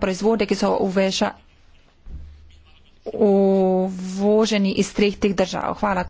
proizvode, ki so uveža, uvoženi iz treh tih držav. Hvala.